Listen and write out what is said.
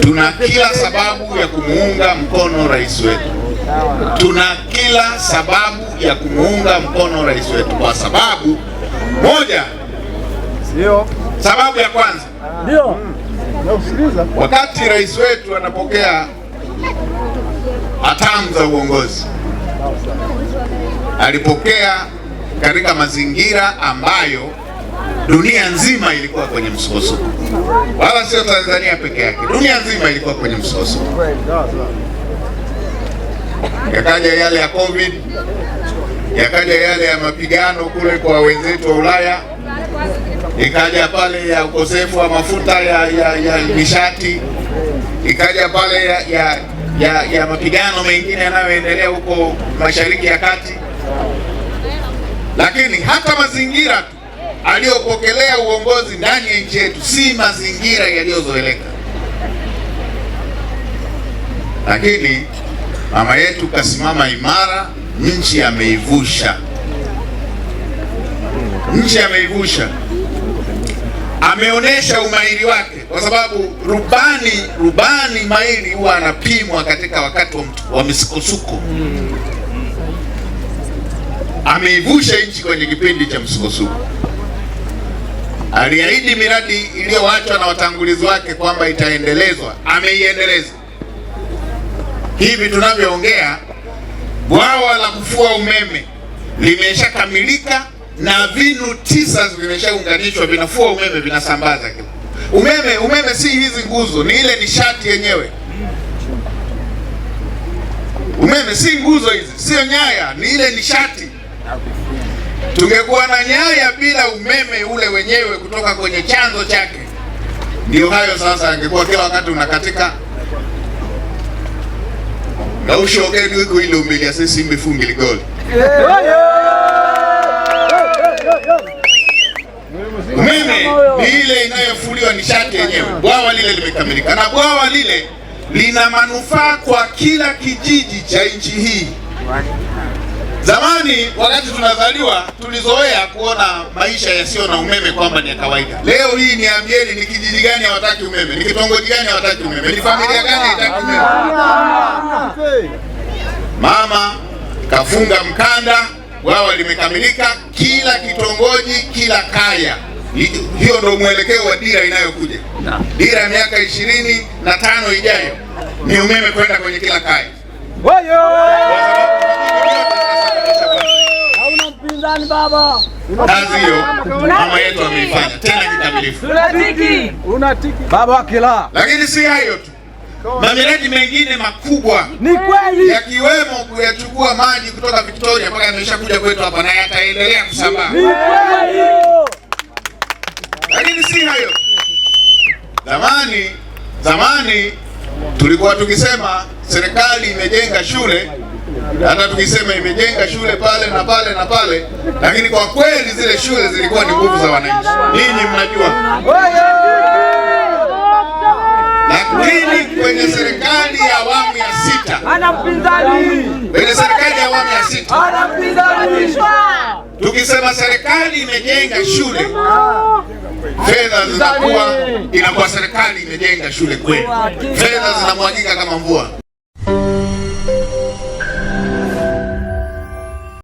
Tuna kila sababu ya kumuunga mkono rais wetu, tuna kila sababu ya kumuunga mkono rais wetu kwa sababu moja. Sababu ya kwanza, wakati rais wetu anapokea hatamu za uongozi, alipokea katika mazingira ambayo dunia nzima ilikuwa kwenye msukosuko, wala sio Tanzania peke yake. Dunia nzima ilikuwa kwenye msukosuko, yakaja yale ya Covid, yakaja yale ya mapigano kule kwa wenzetu wa Ulaya, ikaja pale ya ukosefu wa mafuta ya, ya, ya nishati, ikaja pale ya, ya, ya, ya mapigano mengine yanayoendelea huko Mashariki ya Kati, lakini hata mazingira tu aliyopokelea uongozi ndani ya nchi yetu si mazingira yaliyozoeleka, lakini mama yetu kasimama imara, nchi ameivusha, nchi ameivusha, ameonyesha umahiri wake, kwa sababu rubani rubani mahiri huwa anapimwa katika wakati wa misukosuko. Ameivusha nchi kwenye kipindi cha msukosuko. Aliahidi miradi iliyoachwa na watangulizi wake kwamba itaendelezwa, ameiendeleza. Hivi tunavyoongea, bwawa la kufua umeme limeshakamilika na vinu tisa vimeshaunganishwa, vinafua umeme, vinasambaza umeme. Umeme si hizi nguzo, ni ile nishati yenyewe. Umeme si nguzo hizi, sio nyaya, ni ile nishati Tungekuwa na nyaya bila umeme ule wenyewe kutoka kwenye chanzo chake, ndio hayo sasa, angekuwa kila wakati unakatika na ushokeni wiko ile umbelia sisi mbifungi ligoli umeme ni ile inayofuliwa nishati yenyewe. Bwawa lile limekamilika, na bwawa lile lina manufaa kwa kila kijiji cha nchi hii. Zamani wakati tunazaliwa tulizoea kuona maisha yasiyo na umeme kwamba ni ya kawaida. Leo hii niambieni, ni kijiji gani hawataki umeme? Ni kitongoji gani hawataki umeme? Ni familia gani haitaki umeme? Mama kafunga mkanda, bwawa limekamilika, kila kitongoji, kila kaya. Hiyo ndio mwelekeo wa dira inayokuja, dira miaka ishirini na tano ijayo, ni umeme kwenda kwenye kila kaya upinzani baba. Kazi hiyo mama yetu ameifanya tena kikamilifu. Tunatiki. Unatiki. Baba kila. Lakini si hayo tu. Mamiraji mengine makubwa ni kweli, yakiwemo kuyachukua maji kutoka Victoria mpaka kuja kwetu hapa na yataendelea kusambaa. Ni kweli. Lakini si hayo. Zamani zamani tulikuwa tukisema serikali imejenga shule hata tukisema imejenga shule pale na pale na pale, lakini kwa kweli zile shule zilikuwa ni nguvu za wananchi, ninyi mnajua. Lakini kwenye serikali ya awamu ya sita, kwenye serikali ya awamu ya sita tukisema serikali imejenga shule fedha zinakuwa, inakuwa serikali imejenga shule kweli, fedha zinamwagika kama mvua.